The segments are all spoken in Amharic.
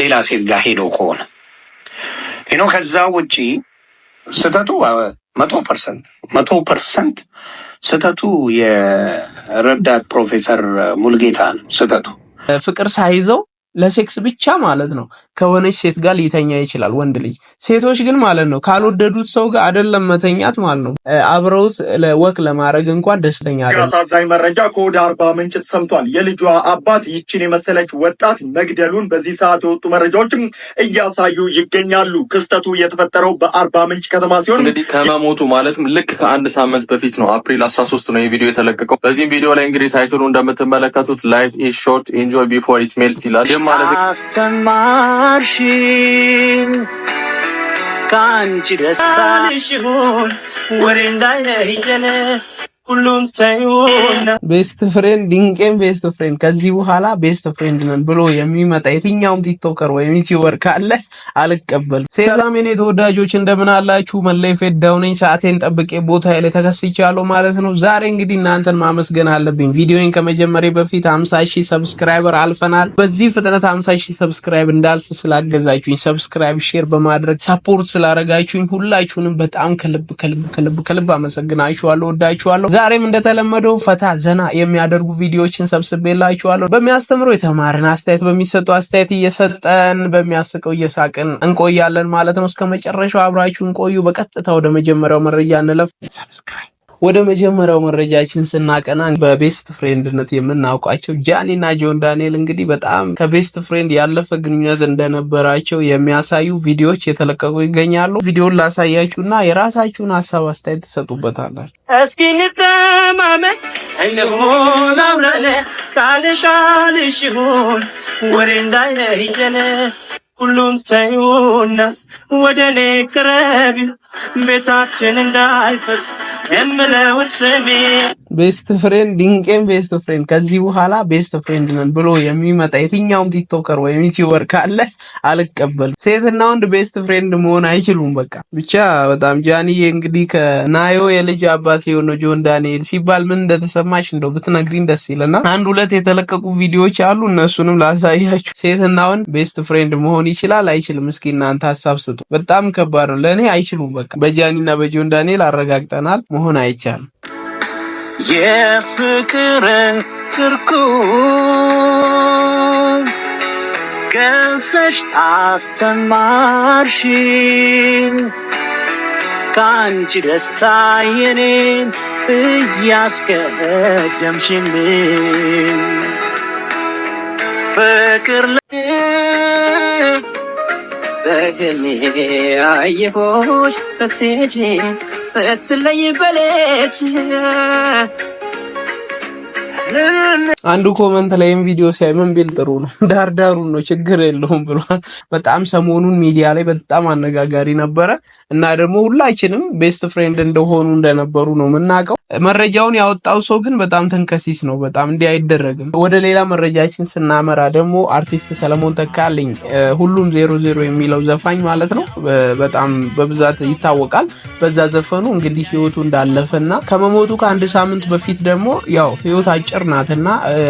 ሌላ ሴት ጋር ሄዶ ከሆነ ይኖ ከዛ ውጪ ስህተቱ መቶ ፐርሰንት መቶ ፐርሰንት ስህተቱ የረዳት ፕሮፌሰር ሙልጌታ ነው ስህተቱ ፍቅር ሳይዘው ለሴክስ ብቻ ማለት ነው ከሆነች ሴት ጋር ሊተኛ ይችላል ወንድ ልጅ። ሴቶች ግን ማለት ነው ካልወደዱት ሰው ጋር አይደለም መተኛት ማለት ነው አብረውት ወክ ለማድረግ እንኳን ደስተኛ አይደለም። አሳዛኝ መረጃ ከወደ አርባ ምንጭ ተሰምቷል። የልጇ አባት ይችን የመሰለች ወጣት መግደሉን በዚህ ሰዓት የወጡ መረጃዎችም እያሳዩ ይገኛሉ። ክስተቱ የተፈጠረው በአርባ ምንጭ ከተማ ሲሆን እንግዲህ ከመሞቱ ማለትም ልክ ከአንድ ሳምንት በፊት ነው አፕሪል አስራ ሶስት ነው የቪዲዮ የተለቀቀው። በዚህም ቪዲዮ ላይ እንግዲህ ታይትሉ እንደምትመለከቱት ላይፍ ኢዝ ሾርት ኢንጆይ ቢፎር ኢት ሜልስ ይላል ማለት ዳርሽኝ ከአንቺ ደስታ ልሽሆን ወሬ እንዳለ ሁሉም ሳይሆን ቤስት ፍሬንድ ድንቄም ቤስት ፍሬንድ ከዚህ በኋላ ቤስት ፍሬንድ ነን ብሎ የሚመጣ የትኛውም ቲክቶከር ወይም ዩቲዩበር ካለ አልቀበልም። ሰላም የኔ ተወዳጆች እንደምን አላችሁ? መለይ ፌድ ዳውነኝ ሰዓቴን ጠብቄ ቦታ ላይ ተከስቻለሁ ማለት ነው። ዛሬ እንግዲህ እናንተን ማመስገን አለብኝ። ቪዲዮን ከመጀመሪያ በፊት 50 ሺህ ሰብስክራይበር አልፈናል። በዚህ ፍጥነት 50 ሺህ ሰብስክራይብ እንዳልፍ ስላገዛችሁኝ፣ ሰብስክራይብ ሼር በማድረግ ሰፖርት ስላረጋችሁኝ ሁላችሁንም በጣም ከልብ ከልብ ከልብ ከልብ አመሰግናችኋለሁ፣ ወዳችኋለሁ። ዛሬም እንደተለመደው ፈታ ዘና የሚያደርጉ ቪዲዮዎችን ሰብስቤላችኋለሁ። በሚያስተምሩ የተማርን አስተያየት በሚሰጡ አስተያየት እየሰጠን በሚያስቀው እየሳቅን እንቆያለን ማለት ነው። እስከ መጨረሻው አብራችሁን ቆዩ። በቀጥታ ወደ መጀመሪያው መረጃ እንለፍ። ሰብስክራይብ ወደ መጀመሪያው መረጃችን ስናቀና በቤስት ፍሬንድነት የምናውቃቸው ጃኒ እና ጆን ዳንኤል እንግዲህ በጣም ከቤስት ፍሬንድ ያለፈ ግንኙነት እንደነበራቸው የሚያሳዩ ቪዲዮዎች የተለቀቁ ይገኛሉ። ቪዲዮን ላሳያችሁ እና የራሳችሁን ሀሳብ አስተያየት ትሰጡበታላችሁ። እስኪ ወሬ እንዳይለየን ሁሉም ተይውና ወደ እኔ ቅረቢ ቤታችን እንዳይፈርስ የምለውት ስሜ ቤስት ፍሬንድ ድንቄም ቤስት ፍሬንድ ከዚህ በኋላ ቤስት ፍሬንድ ነን ብሎ የሚመጣ የትኛውም ቲክቶከር ወይም ዩቲዩበር ካለ አልቀበልም። ሴትና ወንድ ቤስት ፍሬንድ መሆን አይችሉም። በቃ ብቻ በጣም ጃኒዬ፣ እንግዲህ ከናዮ የልጅ አባት የሆነው ጆን ዳንኤል ሲባል ምን እንደተሰማሽ እንደው ብትነግሪን ደስ ይለናል። አንድ ሁለት የተለቀቁ ቪዲዮዎች አሉ፣ እነሱንም ላሳያችሁ። ሴትና ወንድ ቤስት ፍሬንድ መሆን ይችላል አይችልም? እስኪ እናንተ ሀሳብ ስጡ። በጣም ከባድ ነው። ለእኔ አይችሉም። በቃ በጃኒና በጆን ዳንኤል አረጋግጠናል፣ መሆን አይቻልም። የፍቅርን ትርኩ ገሰሽ አስተማርሽን ከአንቺ ደስታ የኔን እያስቀደምሽን ፍቅር በህልሜ አየሁሽ ስትሄጂ ስትለይ በሌች አንዱ ኮመንት ላይም ቪዲዮ ሲያይ ምን ቢል ጥሩ ነው፣ ዳርዳሩን ነው ችግር የለውም ብሏል። በጣም ሰሞኑን ሚዲያ ላይ በጣም አነጋጋሪ ነበረ እና ደግሞ ሁላችንም ቤስት ፍሬንድ እንደሆኑ እንደነበሩ ነው የምናውቀው። መረጃውን ያወጣው ሰው ግን በጣም ተንከሲስ ነው። በጣም እንዲህ አይደረግም። ወደ ሌላ መረጃችን ስናመራ ደግሞ አርቲስት ሰለሞን ተካልኝ ሁሉም ዜሮ ዜሮ የሚለው ዘፋኝ ማለት ነው በጣም በብዛት ይታወቃል። በዛ ዘፈኑ እንግዲህ ህይወቱ እንዳለፈና ከመሞቱ ከአንድ ሳምንት በፊት ደግሞ ያው ህይወት አጭር ፍቅር ናትና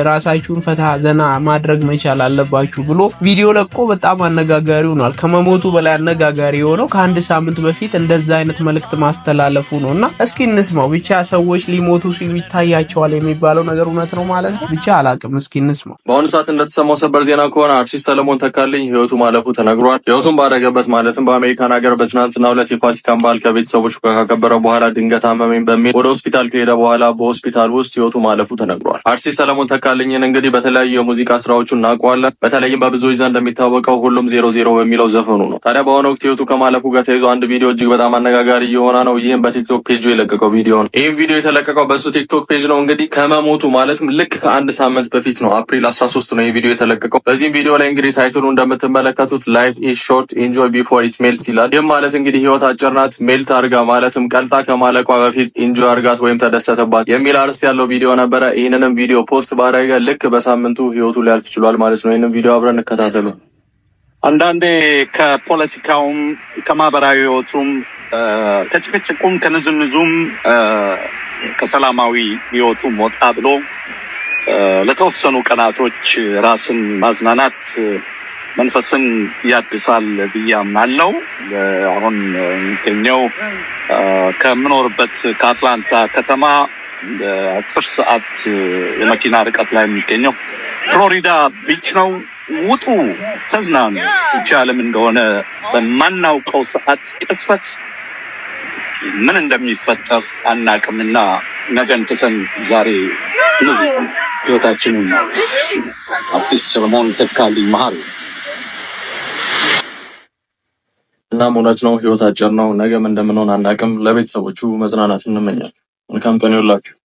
ራሳችሁን ፈታ ዘና ማድረግ መቻል አለባችሁ ብሎ ቪዲዮ ለቆ በጣም አነጋጋሪ ሆኗል። ከመሞቱ በላይ አነጋጋሪ የሆነው ከአንድ ሳምንት በፊት እንደዛ አይነት መልእክት ማስተላለፉ ነው እና እስኪ እንስማው። ብቻ ሰዎች ሊሞቱ ሲሉ ይታያቸዋል የሚባለው ነገር እውነት ነው ማለት ነው። ብቻ አላቅም። እስኪ እንስማው። በአሁኑ ሰዓት እንደተሰማው ሰበር ዜና ከሆነ አርቲስት ሰለሞን ተካልኝ ህይወቱ ማለፉ ተነግሯል። ህይወቱን ባረገበት ማለትም በአሜሪካን ሀገር በትናንትናው ዕለት የፋሲካን በዓል ከቤተሰቦች ጋር ካከበረ በኋላ ድንገት አመመኝ በሚል ወደ ሆስፒታል ከሄደ በኋላ በሆስፒታል ውስጥ ህይወቱ ማለፉ ተነግሯል። አርቲስት ሰለሞን ተካልኝን እንግዲህ በተለያዩ የሙዚቃ ስራዎቹ እናውቀዋለን። በተለይም በብዙዎች ዘንድ እንደሚታወቀው ሁሉም ዜሮ ዜሮ በሚለው ዘፈኑ ነው። ታዲያ በአሁኑ ወቅት ህይወቱ ከማለፉ ጋር ተይዞ አንድ ቪዲዮ እጅግ በጣም አነጋጋሪ የሆነ ነው። ይህም በቲክቶክ ፔጁ የለቀቀው ቪዲዮ ነው። ይህም ቪዲዮ የተለቀቀው በእሱ ቲክቶክ ፔጅ ነው። እንግዲህ ከመሞቱ ማለትም ልክ ከአንድ ሳምንት በፊት ነው፣ አፕሪል 13 ነው ይህ ቪዲዮ የተለቀቀው። በዚህም ቪዲዮ ላይ እንግዲህ ታይትሉ እንደምትመለከቱት ላይፍ ኢዝ ሾርት ኢንጆይ ቢፎር ኢት ሜልትስ ይላል። ይህም ማለት እንግዲህ ህይወት አጭር ናት፣ ሜልት አርጋ ማለትም ቀልጣ ከማለቋ በፊት ኢንጆይ አርጋት ወይም ተደሰተባት የሚል አርስት ያለው ቪዲዮ ነበረ። ይህንንም ይህንን ቪዲዮ ፖስት ባረገ ልክ በሳምንቱ ህይወቱ ሊያልፍ ይችሏል ማለት ነው። ይህንን ቪዲዮ አብረን እንከታተሉ። አንዳንዴ ከፖለቲካውም ከማህበራዊ ህይወቱም ከጭቅጭቁም ከንዝንዙም ከሰላማዊ ህይወቱም ወጣ ብሎ ለተወሰኑ ቀናቶች ራስን ማዝናናት መንፈስን ያድሳል ብዬ አምናለሁ። አሁን የሚገኘው ከምኖርበት ከአትላንታ ከተማ በአስር ሰዓት የመኪና ርቀት ላይ የሚገኘው ፍሎሪዳ ቢች ነው። ውጡ፣ ተዝናኑ። ይቺ ዓለም እንደሆነ በማናውቀው ሰዓት ቅጽበት ምን እንደሚፈጠር አናቅምና ነገን ትተን ዛሬ ብዙ ህይወታችንን አርቲስት ሰለሞን ተካልኝ መሀል እናም እውነት ነው፣ ህይወት አጭር ነው። ነገም እንደምንሆን አናቅም። ለቤተሰቦቹ መጽናናት እንመኛለን። Welcome to New York.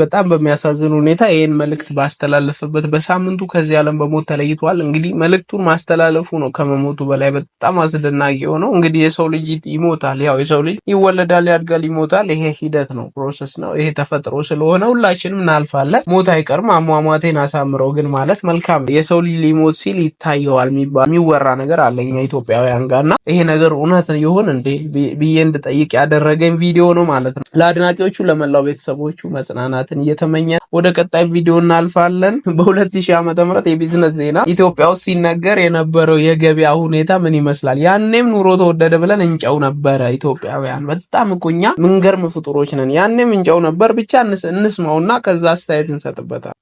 በጣም በሚያሳዝን ሁኔታ ይህን መልእክት ባስተላለፈበት በሳምንቱ ከዚህ ዓለም በሞት ተለይቷል። እንግዲህ መልእክቱን ማስተላለፉ ነው ከመሞቱ በላይ በጣም አስደናቂ የሆነው። እንግዲህ የሰው ልጅ ይሞታል፣ ያው የሰው ልጅ ይወለዳል፣ ያድጋል፣ ይሞታል። ይሄ ሂደት ነው፣ ፕሮሰስ ነው፣ ይሄ ተፈጥሮ ስለሆነ ሁላችንም እናልፋለን። ሞት አይቀርም። አሟሟቴን አሳምረው ግን ማለት መልካም። የሰው ልጅ ሊሞት ሲል ይታየዋል የሚወራ ነገር አለኛ ኢትዮጵያውያን ጋር እና ይሄ ነገር እውነት ይሆን እንዴ ብዬ እንድጠይቅ ያደረገኝ ቪዲዮ ነው ማለት ነው። ለአድናቂዎቹ ለመላው ቤተሰቦቹ መጽናናት ቀናትን እየተመኘ ወደ ቀጣይ ቪዲዮ እናልፋለን። በ2000 ዓመተ ምህረት የቢዝነስ ዜና ኢትዮጵያ ውስጥ ሲነገር የነበረው የገበያ ሁኔታ ምን ይመስላል? ያኔም ኑሮ ተወደደ ብለን እንጨው ነበረ። ኢትዮጵያውያን በጣም እኮኛ እኛ ምንገርም ፍጡሮች ነን። ያኔም እንጨው ነበር። ብቻ እንስማውና ከዛ አስተያየት እንሰጥበታል።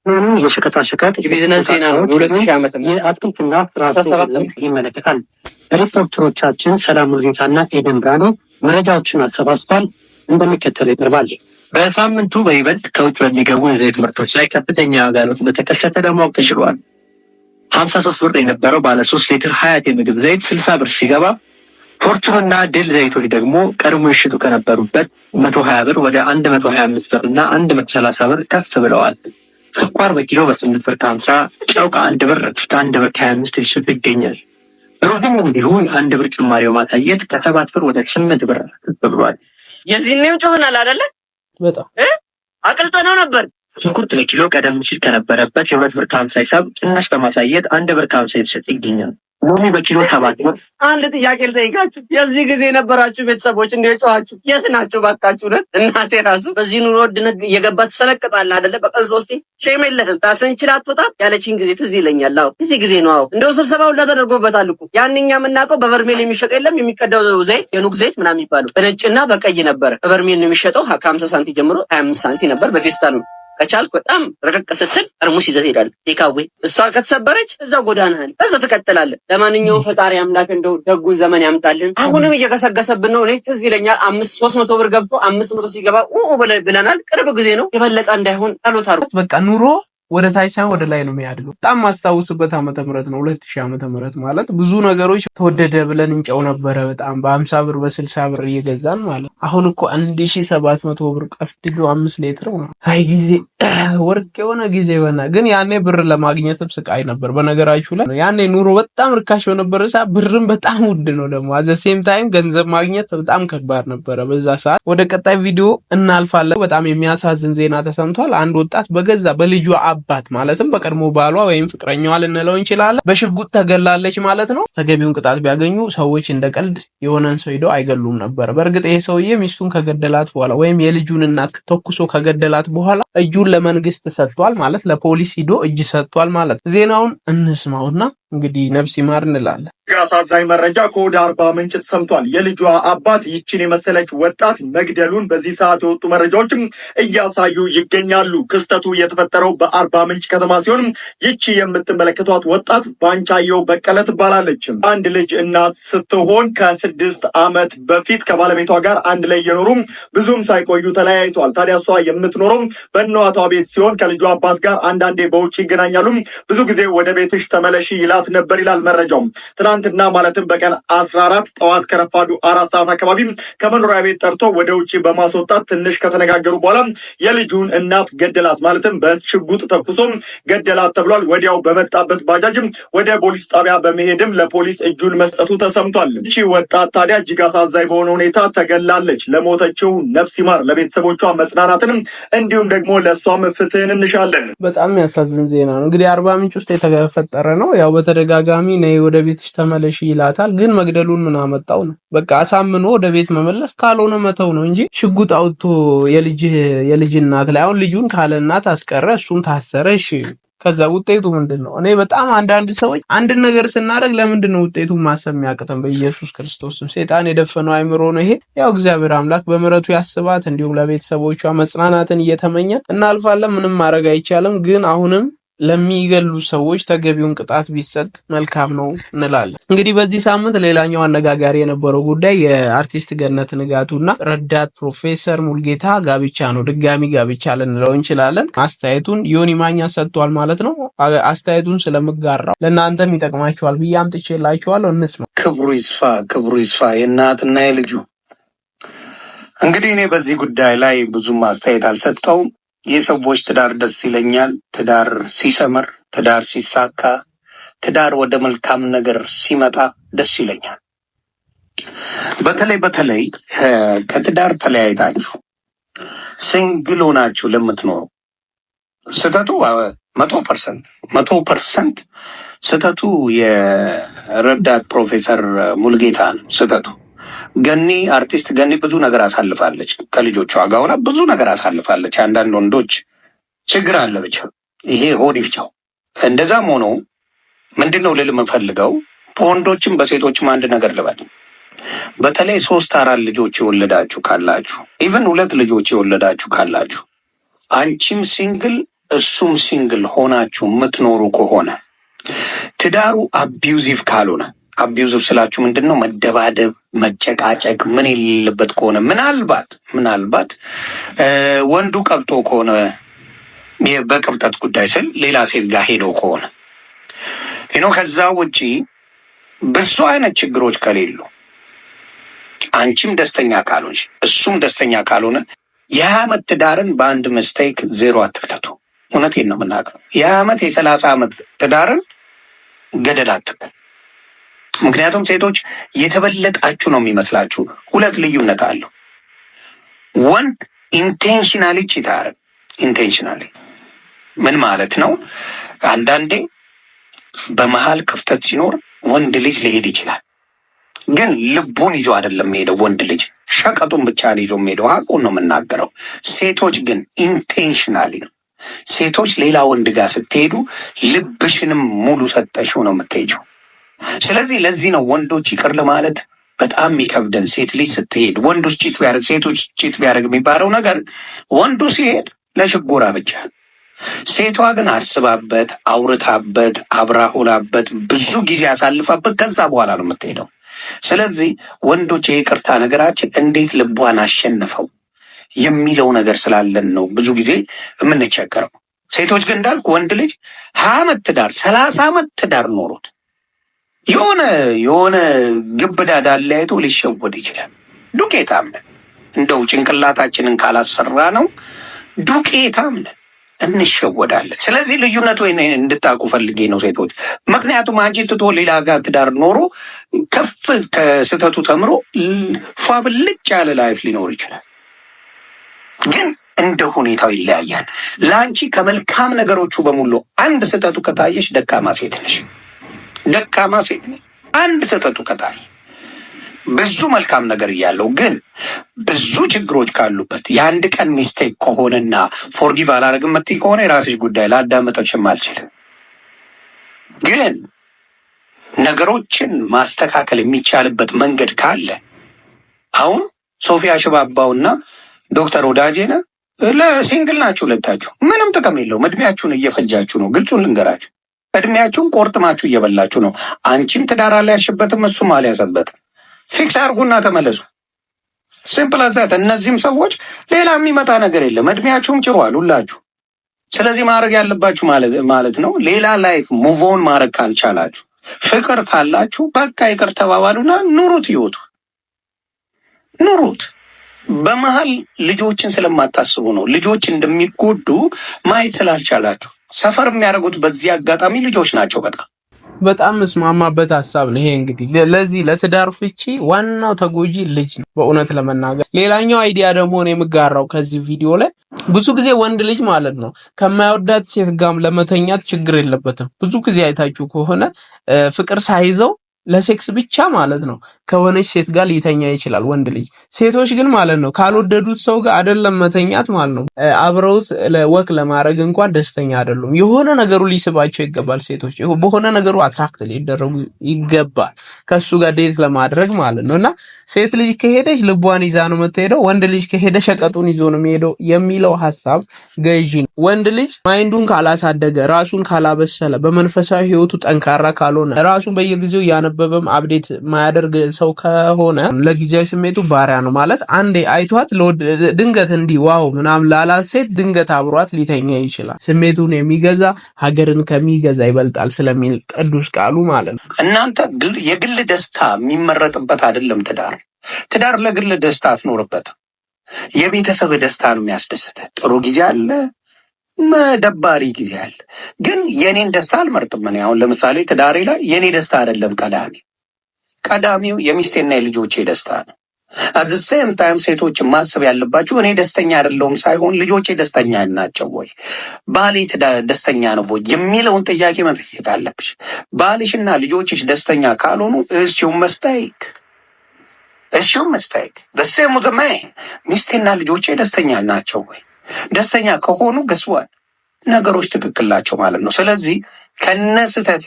የሸቀጣሸቀጥ የቢዝነስ ዜና ነው። የ2000 ዓመተ አትክልትና ፍራፍሬ ይመለከታል። ሪፖርተሮቻችን ሰላም ሁኔታና ኤደን ብርሃኑ መረጃዎችን አሰባስቧል፣ እንደሚከተለው ይቀርባል። በሳምንቱ በይበልጥ ከውጭ በሚገቡ የዘይት ምርቶች ላይ ከፍተኛ ዋጋ ለውጥ እንደተከሰተ ለማወቅ ተችሏል። ሀምሳ ሶስት ብር የነበረው ባለ ሶስት ሊትር ሀያት የምግብ ዘይት ስልሳ ብር ሲገባ እና ድል ዘይቶች ደግሞ ቀድሞ ይሽጡ ከነበሩበት መቶ ሀያ ብር ወደ አንድ መቶ ሀያ አምስት ብር እና አንድ መቶ ሰላሳ ብር ከፍ ብለዋል። ስኳር በኪሎ በስምንት ብር ከሀምሳ ጨው ከአንድ ብር እስከ አንድ ብር ከሀያ አምስት ይሽጡ ይገኛል። ሩዝም እንዲሁ አንድ ብር ጭማሪው ማሳየት ከሰባት ብር ወደ ስምንት ብር ከፍ ብሏል። የዚህንም ጮሆናል አደለን በጣም አቅልጠነው ነበር። ሽንኩርት ለኪሎ ቀደም ሲል ከነበረበት የሁለት ብር ከሀምሳ ሂሳብ ቅናሽ በማሳየት አንድ ብር ከሀምሳ ይገኛል። ሎሚ በኪሎ ሰባት አንድ ጥያቄ ልጠይቃችሁ። የዚህ ጊዜ የነበራችሁ ቤተሰቦች እንደ ጨዋችሁ የት ናቸው ባካችሁ? እውነት እናቴ ራሱ በዚህ ኑሮ ድነግ እየገባ ትሰለቅጣለ አደለ? በቀን ሶስቴ ሼም የለህም። ራስን ችላ አትወጣም ያለችን ጊዜ ትዝ ይለኛል። አዎ እዚህ ጊዜ ነው። አዎ እንደው ስብሰባ ሁላ ተደርጎበታል እኮ ያንኛ የምናውቀው በበርሜል የሚሸጥ የለም የሚቀዳው ዘይት የኑግ ዘይት ምናምን የሚባለው በነጭና በቀይ ነበር። በበርሜል ነው የሚሸጠው ከሀምሳ ሳንቲ ጀምሮ ሀያ አምስት ሳንቲ ነበር በፌስታሉ ከቻልክ በጣም ረቀቅ ስትል ጠርሙስ ይዘህ ትሄዳለህ። ቴካዌ እሷ ከተሰበረች እዛ ጎዳናህን በዛ ትቀጥላለህ። ለማንኛውም ፈጣሪ አምላክ እንደው ደጉን ዘመን ያምጣልን። አሁንም እየገሰገሰብን ነው። እኔ ትዝ ይለኛል አምስት ሶስት መቶ ብር ገብቶ አምስት መቶ ሲገባ ብለናል። ቅርብ ጊዜ ነው። የበለጠ እንዳይሆን ጸሎት አድርጉ። በቃ ኑሮ ወደ ታች ሳይሆን ወደ ላይ ነው የሚያድገው። በጣም ማስታውስበት ዓመተ ምህረት ነው ሁለት ሺህ ዓመተ ምህረት ማለት ብዙ ነገሮች ተወደደ ብለን እንጨው ነበረ በጣም በአምሳ ብር በስልሳ ብር እየገዛን ማለት። አሁን እኮ አንድ ሺ ሰባት መቶ ብር ቀፍድዶ አምስት ሌትር ነው። አይ ጊዜ ወርቅ የሆነ ጊዜ በና ግን ያኔ ብር ለማግኘትም ስቃይ ነበር። በነገራችሁ ላይ ያኔ ኑሮ በጣም ርካሽ በነበረ ሰዓት ብርም በጣም ውድ ነው ደግሞ አዘ ሴም ታይም ገንዘብ ማግኘት በጣም ከባድ ነበረ በዛ ሰዓት። ወደ ቀጣይ ቪዲዮ እናልፋለን። በጣም የሚያሳዝን ዜና ተሰምቷል። አንድ ወጣት በገዛ በልጁ አ አባት ማለትም በቀድሞ ባሏ ወይም ፍቅረኛዋ ልንለው እንችላለን በሽጉጥ ተገላለች ማለት ነው። ተገቢውን ቅጣት ቢያገኙ ሰዎች እንደ ቀልድ የሆነን ሰው ሄደው አይገሉም ነበር። በእርግጥ ይሄ ሰውዬ ሚስቱን ከገደላት በኋላ ወይም የልጁን እናት ተኩሶ ከገደላት በኋላ እጁን ለመንግስት ሰጥቷል ማለት ለፖሊስ ሂዶ እጅ ሰጥቷል ማለት ዜናውን እንስማውና እንግዲህ ነፍስ ይማር እንላለን። አሳዛኝ መረጃ ከወደ አርባ ምንጭ ተሰምቷል። የልጇ አባት ይችን የመሰለች ወጣት መግደሉን በዚህ ሰዓት የወጡ መረጃዎችም እያሳዩ ይገኛሉ። ክስተቱ የተፈጠረው በአርባ ምንጭ ከተማ ሲሆን ይቺ የምትመለከቷት ወጣት ባንቻየው በቀለ ትባላለች። አንድ ልጅ እናት ስትሆን ከስድስት ዓመት በፊት ከባለቤቷ ጋር አንድ ላይ እየኖሩ ብዙም ሳይቆዩ ተለያይቷል። ታዲያ እሷ የምትኖረው በእናቷ ቤት ሲሆን ከልጇ አባት ጋር አንዳንዴ በውጭ ይገናኛሉ። ብዙ ጊዜ ወደ ቤትሽ ተመለሺ ይላል ሰዓት ነበር ይላል መረጃው። ትናንትና ማለትም በቀን አስራ አራት ጠዋት ከረፋዱ አራት ሰዓት አካባቢ ከመኖሪያ ቤት ጠርቶ ወደ ውጭ በማስወጣት ትንሽ ከተነጋገሩ በኋላ የልጁን እናት ገደላት፣ ማለትም በሽጉጥ ተኩሶ ገደላት ተብሏል። ወዲያው በመጣበት ባጃጅም ወደ ፖሊስ ጣቢያ በመሄድም ለፖሊስ እጁን መስጠቱ ተሰምቷል። ይቺ ወጣት ታዲያ እጅግ አሳዛኝ በሆነ ሁኔታ ተገላለች። ለሞተችው ነፍስ ይማር፣ ለቤተሰቦቿ መጽናናትንም እንዲሁም ደግሞ ለእሷም ፍትህን እንሻለን። በጣም የሚያሳዝን ዜና ነው። እንግዲህ አርባ ምንጭ ውስጥ የተፈጠረ ነው ያው በተደጋጋሚ ነይ ወደ ቤትሽ ተመለሽ ይላታል። ግን መግደሉን ምን አመጣው ነው? በቃ አሳምኖ ወደ ቤት መመለስ ካልሆነ መተው ነው እንጂ ሽጉጥ አውጥቶ የልጅ እናት ላይ አሁን ልጁን ካለ እናት አስቀረ፣ እሱም ታሰረ። ከዛ ውጤቱ ምንድን ነው? እኔ በጣም አንዳንድ ሰዎች አንድን ነገር ስናደርግ ለምንድን ነው ውጤቱ ማሰብ የሚያቅተን? በኢየሱስ ክርስቶስም ሴጣን የደፈነው አይምሮ ነው ይሄ። ያው እግዚአብሔር አምላክ በምሕረቱ ያስባት፣ እንዲሁም ለቤተሰቦቿ መጽናናትን እየተመኘን እናልፋለን። ምንም ማድረግ አይቻልም። ግን አሁንም ለሚገሉ ሰዎች ተገቢውን ቅጣት ቢሰጥ መልካም ነው እንላለን። እንግዲህ በዚህ ሳምንት ሌላኛው አነጋጋሪ የነበረው ጉዳይ የአርቲስት ገነት ንጋቱና ረዳት ፕሮፌሰር ሙልጌታ ጋብቻ ነው። ድጋሚ ጋብቻ ልንለው እንችላለን። አስተያየቱን ዮኒ ማኛ ሰጥቷል ማለት ነው። አስተያየቱን ስለምጋራው ለእናንተም ይጠቅማችኋል ብዬ አምጥቼላችኋለሁ። እንስማ። ክብሩ ይስፋ፣ ክብሩ ይስፋ የእናትና የልጁ እንግዲህ እኔ በዚህ ጉዳይ ላይ ብዙም አስተያየት አልሰጠውም የሰዎች ትዳር ደስ ይለኛል። ትዳር ሲሰምር፣ ትዳር ሲሳካ፣ ትዳር ወደ መልካም ነገር ሲመጣ ደስ ይለኛል። በተለይ በተለይ ከትዳር ተለያይታችሁ ሲንግል ሆናችሁ ለምትኖሩ ስህተቱ መቶ ፐርሰንት መቶ ፐርሰንት ስህተቱ የረዳት ፕሮፌሰር ሙልጌታ ነው ስህተቱ ገኒ አርቲስት ገኒ ብዙ ነገር አሳልፋለች። ከልጆቿ ጋር ሆና ብዙ ነገር አሳልፋለች። አንዳንድ ወንዶች ችግር አለ ብቻ ይሄ ሆድ ይፍቻው። እንደዛም ሆኖ ምንድን ነው ልል የምንፈልገው በወንዶችም በሴቶችም አንድ ነገር ልበል። በተለይ ሶስት አራት ልጆች የወለዳችሁ ካላችሁ፣ ኢቨን ሁለት ልጆች የወለዳችሁ ካላችሁ፣ አንቺም ሲንግል እሱም ሲንግል ሆናችሁ የምትኖሩ ከሆነ ትዳሩ አቢዩዚቭ ካልሆነ አቢውዝብ ስላችሁ ምንድን ነው መደባደብ፣ መጨቃጨቅ ምን የሌለበት ከሆነ ምናልባት ምናልባት ወንዱ ቀብጦ ከሆነ በቅብጠት ጉዳይ ስል ሌላ ሴት ጋር ሄዶ ከሆነ ይኖ ከዛ ውጪ ብዙ አይነት ችግሮች ከሌሉ አንቺም ደስተኛ ካልሆንሽ እሱም ደስተኛ ካልሆነ የሀያ ትዳርን በአንድ መስተይክ ዜሮ አትክተቱ። እውነቴን ነው የምናገረው። የሀያ የሰላሳ ዓመት ትዳርን ገደል አትክተቱ። ምክንያቱም ሴቶች የተበለጣችሁ ነው የሚመስላችሁ። ሁለት ልዩነት አለው። ወን ኢንቴንሽናሊ ቺት አያደርግም። ኢንቴንሽናሊ ምን ማለት ነው? አንዳንዴ በመሀል ክፍተት ሲኖር ወንድ ልጅ ሊሄድ ይችላል፣ ግን ልቡን ይዞ አይደለም የሄደው ወንድ ልጅ ሸቀጡን ብቻ ነው ይዞ የሚሄደው። ሀቁን ነው የምናገረው። ሴቶች ግን ኢንቴንሽናሊ ነው። ሴቶች ሌላ ወንድ ጋር ስትሄዱ ልብሽንም ሙሉ ሰጠሽው ነው የምትሄጂው። ስለዚህ ለዚህ ነው ወንዶች ይቅር ለማለት በጣም የሚከብደን። ሴት ልጅ ስትሄድ ወንዶች ጭት ቢያደርግ ሴቶች ጭት ቢያደርግ የሚባለው ነገር ወንዱ ሲሄድ ለሽጎራ ብቻ፣ ሴቷ ግን አስባበት፣ አውርታበት፣ አብራሁላበት ብዙ ጊዜ አሳልፋበት ከዛ በኋላ ነው የምትሄደው። ስለዚህ ወንዶች የይቅርታ ነገራችን እንዴት ልቧን አሸነፈው የሚለው ነገር ስላለን ነው ብዙ ጊዜ የምንቸገረው። ሴቶች ግን እንዳልኩ ወንድ ልጅ ሀያ ዓመት ትዳር ሰላሳ ዓመት ትዳር ኖሩት የሆነ የሆነ ግብዳ ዳለ አይቶ ሊሸወድ ይችላል። ዱቄታም ነን እንደው ጭንቅላታችንን ካላሰራ ነው ዱቄታም ነን እንሸወዳለን። ስለዚህ ወይ እንድታቁ ፈልጌ ነው ሴቶች። ምክንያቱም አንቺ ትቶ ሌላ ጋር ትዳር ኖሮ ከፍ ከስህተቱ ተምሮ ፏብልጭ ያለ ላይፍ ሊኖር ይችላል ግን እንደ ሁኔታው ይለያያል። ለአንቺ ከመልካም ነገሮቹ በሙሉ አንድ ስህተቱ ከታየሽ ደካማ ሴት ነሽ። ደካማ ሴት ነኝ። አንድ ሰጠቱ ከጣይ ብዙ መልካም ነገር እያለው ግን ብዙ ችግሮች ካሉበት የአንድ ቀን ሚስቴክ ከሆነና ፎርጊቭ አላረግም መት ከሆነ የራስሽ ጉዳይ ላዳመጠሽም አልችል። ግን ነገሮችን ማስተካከል የሚቻልበት መንገድ ካለ አሁን ሶፊያ ሽባባውና ዶክተር ወዳጄነ ለሲንግል ናቸው ሁለታችሁ፣ ምንም ጥቅም የለውም። እድሜያችሁን እየፈጃችሁ ነው። ግልጹን ልንገራችሁ። እድሜያችሁን ቆርጥማችሁ እየበላችሁ ነው። አንቺም ትዳር አልያዝሽበትም፣ እሱም አልያዘበትም። ፊክስ አርጉና ተመለሱ። ሲምፕል እነዚህም ሰዎች ሌላ የሚመጣ ነገር የለም። እድሜያችሁም ጭሯል ሁላችሁ። ስለዚህ ማድረግ ያለባችሁ ማለት ነው ሌላ ላይፍ ሙቮን ማድረግ ካልቻላችሁ፣ ፍቅር ካላችሁ በቃ ይቅር ተባባሉና ኑሩት፣ ይወቱ ኑሩት። በመሀል ልጆችን ስለማታስቡ ነው ልጆች እንደሚጎዱ ማየት ስላልቻላችሁ ሰፈር የሚያደርጉት በዚህ አጋጣሚ ልጆች ናቸው። በጣም በጣም እስማማበት ሀሳብ ነው ይሄ። እንግዲህ ለዚህ ለትዳር ፍቺ ዋናው ተጎጂ ልጅ ነው በእውነት ለመናገር። ሌላኛው አይዲያ ደግሞ ነው የምጋራው ከዚህ ቪዲዮ ላይ ብዙ ጊዜ ወንድ ልጅ ማለት ነው ከማይወዳት ሴት ጋም ለመተኛት ችግር የለበትም። ብዙ ጊዜ አይታችሁ ከሆነ ፍቅር ሳይዘው ለሴክስ ብቻ ማለት ነው ከሆነች ሴት ጋር ሊተኛ ይችላል ወንድ ልጅ። ሴቶች ግን ማለት ነው ካልወደዱት ሰው ጋር አይደለም መተኛት ማለት ነው አብረውት ወክ ለማድረግ እንኳን ደስተኛ አይደሉም። የሆነ ነገሩ ሊስባቸው ይገባል። ሴቶች በሆነ ነገሩ አትራክት ሊደረጉ ይገባል ከሱ ጋር ዴት ለማድረግ ማለት ነው። እና ሴት ልጅ ከሄደች ልቧን ይዛ ነው የምትሄደው፣ ወንድ ልጅ ከሄደ ሸቀጡን ይዞ ነው የሚሄደው የሚለው ሀሳብ ገዢ ነው። ወንድ ልጅ ማይንዱን ካላሳደገ፣ ራሱን ካላበሰለ፣ በመንፈሳዊ ህይወቱ ጠንካራ ካልሆነ ራሱን በየጊዜው ያነ እያነበበም አብዴት ማያደርግ ሰው ከሆነ ለጊዜያዊ ስሜቱ ባሪያ ነው ማለት። አንዴ አይቷት ድንገት እንዲህ ዋው ምናምን ላላት ሴት ድንገት አብሯት ሊተኛ ይችላል። ስሜቱን የሚገዛ ሀገርን ከሚገዛ ይበልጣል ስለሚል ቅዱስ ቃሉ ማለት ነው። እናንተ የግል ደስታ የሚመረጥበት አይደለም ትዳር። ትዳር ለግል ደስታ አትኖርበትም። የቤተሰብ ደስታ ነው የሚያስደስት። ጥሩ ጊዜ አለ ደባሪ ጊዜ አለ። ግን የኔን ደስታ አልመርጥም። እኔ አሁን ለምሳሌ ትዳሬ ላይ የኔ ደስታ አይደለም ቀዳሚ ቀዳሚው የሚስቴና የልጆቼ ደስታ ነው። አት ሴም ታይም ሴቶች ማሰብ ያለባችሁ እኔ ደስተኛ አይደለሁም ሳይሆን ልጆቼ ደስተኛ ናቸው ወይ፣ ባሌ ደስተኛ ነው ወይ የሚለውን ጥያቄ መጠየቅ አለብሽ። ባልሽና ልጆችሽ ደስተኛ ካልሆኑ እሺው መስታይክ እሺው መስታይክ ደሴሙ ሚስቴና ልጆቼ ደስተኛ ናቸው ወይ ደስተኛ ከሆኑ ገስዋል ነገሮች ትክክል ናቸው ማለት ነው። ስለዚህ ከነስተት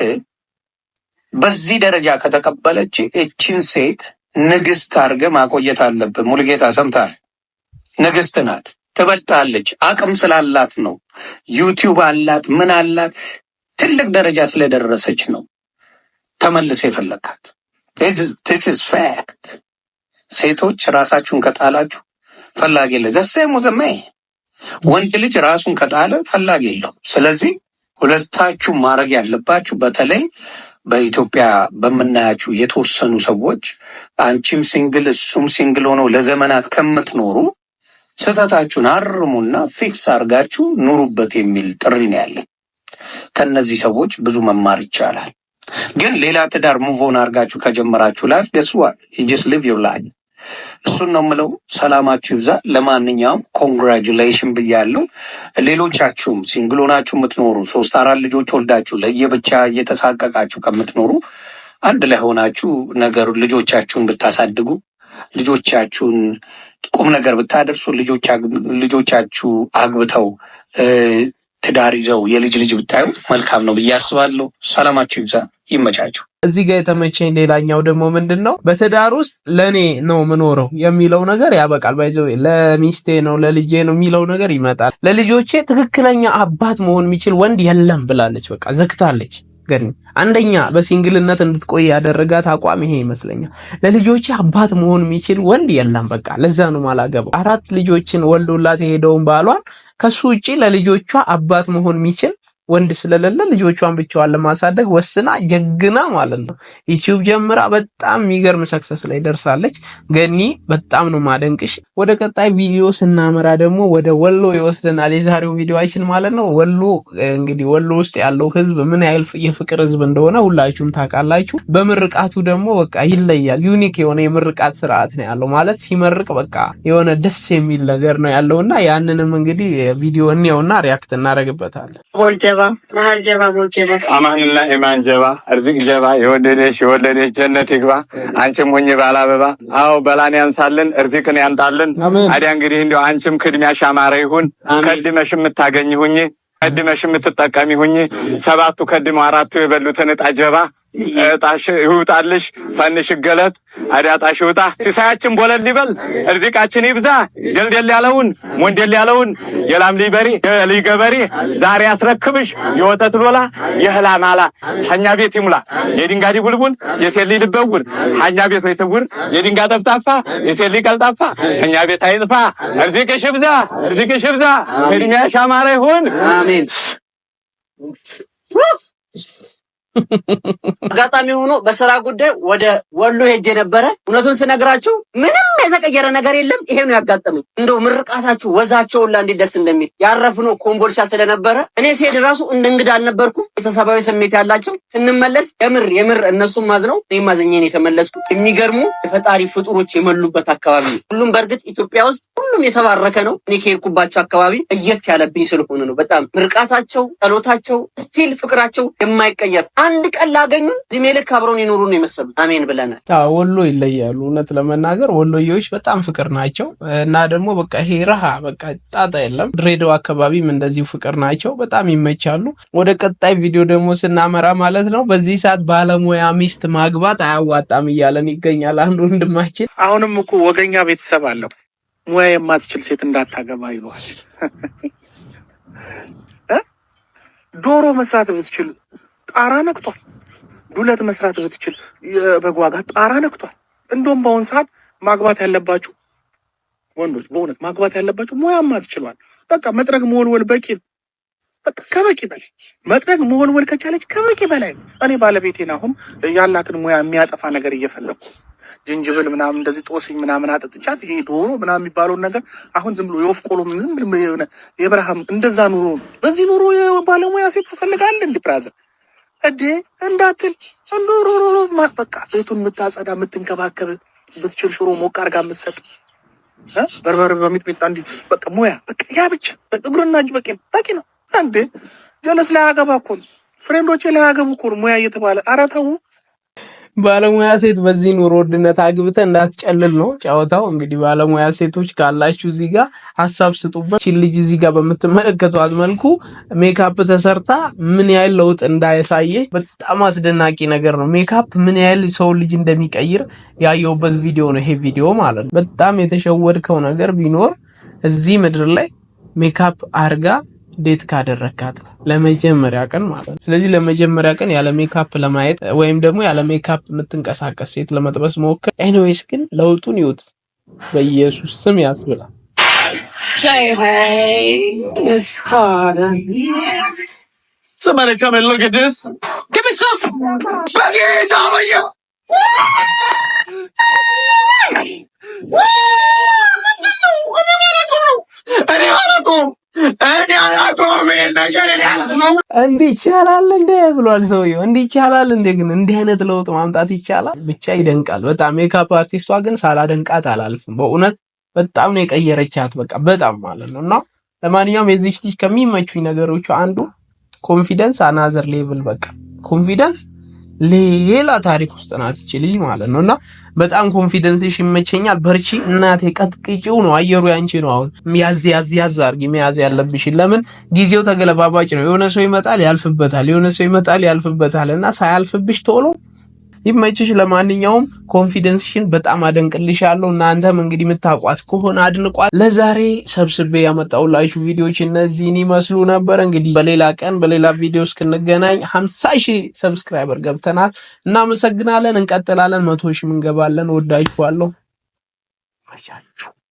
በዚህ ደረጃ ከተቀበለች እችን ሴት ንግስት አድርገ ማቆየት አለብን። ሙልጌታ ሰምታል። ንግስት ናት፣ ትበልጣለች። አቅም ስላላት ነው። ዩቲዩብ አላት፣ ምን አላት። ትልቅ ደረጃ ስለደረሰች ነው ተመልሶ የፈለካት። ስ ፋክት ሴቶች ራሳችሁን ከጣላችሁ ፈላጊ ለዘሴሙ ዘመይ ወንድ ልጅ ራሱን ከጣለ ፈላጊ የለው ስለዚህ ሁለታችሁ ማድረግ ያለባችሁ በተለይ በኢትዮጵያ በምናያችሁ የተወሰኑ ሰዎች አንቺም ሲንግል እሱም ሲንግል ሆነው ለዘመናት ከምትኖሩ ስህተታችሁን አርሙና ፊክስ አድርጋችሁ ኑሩበት የሚል ጥሪ ነው ያለን። ከነዚህ ሰዎች ብዙ መማር ይቻላል። ግን ሌላ ትዳር ሙቮን አድርጋችሁ ከጀመራችሁ ላይፍ ገስዋል ጀስት ሊቭ ዮር ላይፍ እሱን ነው የምለው። ሰላማችሁ ይብዛ። ለማንኛውም ኮንግራጁሌሽን ብያለሁ። ሌሎቻችሁም ሲንግል ሆናችሁ የምትኖሩ ሶስት አራት ልጆች ወልዳችሁ ለየብቻ እየተሳቀቃችሁ ከምትኖሩ አንድ ላይ ሆናችሁ ነገሩ ልጆቻችሁን ብታሳድጉ ልጆቻችሁን ቁም ነገር ብታደርሱ ልጆቻችሁ አግብተው ትዳር ይዘው የልጅ ልጅ ብታዩ መልካም ነው ብዬ አስባለሁ። ሰላማችሁ ይብዛ፣ ይመቻችሁ። እዚህ ጋር የተመቸኝ ሌላኛው ደግሞ ምንድን ነው በትዳር ውስጥ ለኔ ነው ምኖረው የሚለው ነገር ያበቃል። ባይዘ ለሚስቴ ነው ለልጄ ነው የሚለው ነገር ይመጣል። ለልጆቼ ትክክለኛ አባት መሆን የሚችል ወንድ የለም ብላለች። በቃ ዘግታለች። አንደኛ በሲንግልነት እንድትቆይ ያደረጋት አቋም ይሄ ይመስለኛል። ለልጆቼ አባት መሆን የሚችል ወንድ የለም፣ በቃ ለዛ ነው ማላገባው። አራት ልጆችን ወልዶላት የሄደውን ባሏን ከሱ ውጪ ለልጆቿ አባት መሆን የሚችል ወንድ ስለሌለ ልጆቿን ብቻዋን ለማሳደግ ወስና ጀግና ማለት ነው ዩቲዩብ ጀምራ በጣም የሚገርም ሰክሰስ ላይ ደርሳለች። ገኒ በጣም ነው ማደንቅሽ። ወደ ቀጣይ ቪዲዮ ስናመራ ደግሞ ወደ ወሎ ይወስደናል የዛሬው ቪዲዮችን ማለት ነው። ወሎ እንግዲህ ወሎ ውስጥ ያለው ህዝብ ምን ያህል የፍቅር ህዝብ እንደሆነ ሁላችሁም ታውቃላችሁ። በምርቃቱ ደግሞ በቃ ይለያል። ዩኒክ የሆነ የምርቃት ስርዓት ነው ያለው ማለት ሲመርቅ በቃ የሆነ ደስ የሚል ነገር ነው ያለውና ያንንም እንግዲህ ቪዲዮ እንየውና ሪያክት እናደርግበታለን። ጀባ ባህል ጀባ አማንና ኢማን ጀባ እርዚቅ ጀባ የወደደሽ የወለደሽ ጀነት ይግባ። አንቺም ሆኜ ባለ አበባ አዎ በላን ያንሳልን እርዚቅን ያንጣልን አዲያ እንግዲህ እንዲያው አንቺም ክድሚያሽ አማረ ይሁን። ከድመሽ የምታገኝ ሁኚ፣ ከድመሽ የምትጠቀሚ ሁኚ። ሰባቱ ከድመው አራቱ የበሉትን እጣ ጀባ ጣሽ ይውጣልሽ ፈንሽ ገለት አዳጣሽ ይውጣ ሲሳያችን ቦለል ይበል እርዚቃችን ይብዛ ደልደል ያለውን ሞንደል ያለውን የላም ሊበሪ ሊገበሪ ዛሬ ያስረክብሽ የወተት ዶላ የህላ ማላ ሐኛ ቤት ይሙላ የድንጋዲ ጉልጉል የሴሊ ልበውር ሐኛ ቤት ወይ ትውር የድንጋ ጠፍጣፋ የሴሊ ቀልጣፋ ሐኛ ቤት አይጥፋ እርዚቅሽ ይብዛ እርዚቅሽ ይብዛ እድሜያሽ አማረ ይሁን አሜን አጋጣሚ ሆኖ በስራ ጉዳይ ወደ ወሎ ሄጄ ነበረ። እውነቱን ስነግራችሁ ምንም የተቀየረ ነገር የለም። ይሄ ነው ያጋጠመኝ። እንደው ምርቃታችሁ ወዛቸው ላ እንዴት ደስ እንደሚል ያረፍነው ኮምቦልቻ ስለነበረ እኔ ስሄድ ራሱ እንደ እንግዳ አልነበርኩም። ቤተሰባዊ ስሜት ያላቸው ስንመለስ የምር የምር እነሱም ማዝነው እኔ ማዝኜን የተመለስኩ የሚገርሙ የፈጣሪ ፍጡሮች የሞሉበት አካባቢ ነው። ሁሉም በእርግጥ ኢትዮጵያ ውስጥ ሁሉም የተባረከ ነው። እኔ ከሄድኩባቸው አካባቢ እየት ያለብኝ ስለሆነ ነው። በጣም ምርቃታቸው፣ ጸሎታቸው፣ ስቲል ፍቅራቸው የማይቀየር አንድ ቀን ላገኙ እድሜ ልክ አብረውን ይኖሩ ነው የመሰሉት። አሜን ብለናል። ወሎ ይለያሉ። እውነት ለመናገር ወሎዬዎች በጣም ፍቅር ናቸው እና ደግሞ በቃ ይሄ ረሃ በቃ ጣጣ የለም። ድሬዳዋ አካባቢም እንደዚሁ ፍቅር ናቸው፣ በጣም ይመቻሉ። ወደ ቀጣይ ቪዲዮ ደግሞ ስናመራ ማለት ነው በዚህ ሰዓት ባለሙያ ሚስት ማግባት አያዋጣም እያለን ይገኛል አንድ ወንድማችን። አሁንም እኮ ወገኛ ቤተሰብ አለው ሙያ የማትችል ሴት እንዳታገባ ይሏል። ዶሮ መስራት ብትችል ጣራ ነክቷል። ዱለት መስራት ብትችል የበግ ዋጋ ጣራ ነክቷል። እንደውም በአሁን ሰዓት ማግባት ያለባችሁ ወንዶች በእውነት ማግባት ያለባችሁ ሙያማ ትችሏል። በቃ መጥረግ መወልወል በቂ ከበቂ በላይ መጥረግ መወልወል ከቻለች ከበቂ በላይ እኔ ባለቤቴን አሁን ያላትን ሙያ የሚያጠፋ ነገር እየፈለግኩ ጅንጅብል ምናምን እንደዚህ ጦስኝ ምናምን አጠጥቻት ይሄ ዶሮ ምናምን የሚባለውን ነገር አሁን ዝም ብሎ የወፍቆሎ ምንም የብርሃም እንደዛ ኑሮ በዚህ ኑሮ የባለሙያ ሴት ትፈልጋለህ እንዲ ብራዘር እንዴ እንዳትል ሮሮሮ በቃ ቤቱን የምታጸዳ የምትንከባከብ ብትችል ሽሮ ሞቅ አርጋ የምትሰጥ በርበር በሚጥሚጣ እንዲ በቃ ሙያ በቃ ያ ብቻ እግርና እጅ በቂ ነው በቂ ነው። እንዴ ጀለስ ላይ አገባ እኮ ነው ፍሬንዶቼ ላይ አገቡ እኮ ነው ሙያ እየተባለ አረተው ባለሙያ ሴት በዚህ ኑሮ ውድነት አግብተ እንዳትጨልል ነው ጨዋታው። እንግዲህ ባለሙያ ሴቶች ካላችሁ እዚህ ጋር ሀሳብ ስጡበት። ቺን ልጅ እዚህ ጋር በምትመለከቷት መልኩ ሜካፕ ተሰርታ ምን ያህል ለውጥ እንዳያሳየች በጣም አስደናቂ ነገር ነው። ሜካፕ ምን ያህል ሰው ልጅ እንደሚቀይር ያየውበት ቪዲዮ ነው ይሄ ቪዲዮ ማለት ነው። በጣም የተሸወድከው ነገር ቢኖር እዚህ ምድር ላይ ሜካፕ አርጋ ዴት ካደረካት ለመጀመሪያ ቀን ማለት ነው። ስለዚህ ለመጀመሪያ ቀን ያለ ሜካፕ ለማየት ወይም ደግሞ ያለ ሜካፕ የምትንቀሳቀስ ሴት ለመጥበስ ሞክር። ኤኒዌይስ ግን ለውጡን ይውት በኢየሱስ ስም ያስብላል። እንዲህ ይቻላል እንደ ብሏል ሰውየው። እንዲህ ይቻላል እንደ ግን እንዲህ አይነት ለውጥ ማምጣት ይቻላል። ብቻ ይደንቃል በጣም ሜካፕ አርቲስቷ ግን ሳላደንቃት አላልፍም። በእውነት በጣም ነው የቀየረቻት፣ በቃ በጣም ማለት ነው። እና ለማንኛውም የዚች ልጅ ከሚመቹኝ ነገሮቹ አንዱ ኮንፊደንስ አናዘር ሌቭል በቃ ኮንፊደንስ ሌላ ታሪክ ውስጥ ናት ይችል ማለት ነው። እና በጣም ኮንፊደንስሽ ይመቸኛል። በርቺ እናቴ፣ ቀጥቅጭው ነው አየሩ ያንቺ ነው። አሁን ያዝ ያዝ ያዝ አድርጊ መያዝ ያለብሽን። ለምን ጊዜው ተገለባባጭ ነው። የሆነ ሰው ይመጣል ያልፍበታል፣ የሆነ ሰው ይመጣል ያልፍበታል። እና ሳያልፍብሽ ቶሎ ይመችሽ። ለማንኛውም ኮንፊደንስሽን በጣም አደንቅልሻለሁ። እናንተም እንግዲህ የምታውቋት ከሆነ አድንቋት። ለዛሬ ሰብስቤ ያመጣውላችሁ ቪዲዮዎች እነዚህን ይመስሉ ነበር። እንግዲህ በሌላ ቀን በሌላ ቪዲዮ እስክንገናኝ ሀምሳ ሺህ ሰብስክራይበር ገብተናል። እናመሰግናለን። እንቀጥላለን። መቶ ሺህ እንገባለን። ወዳችኋለሁ።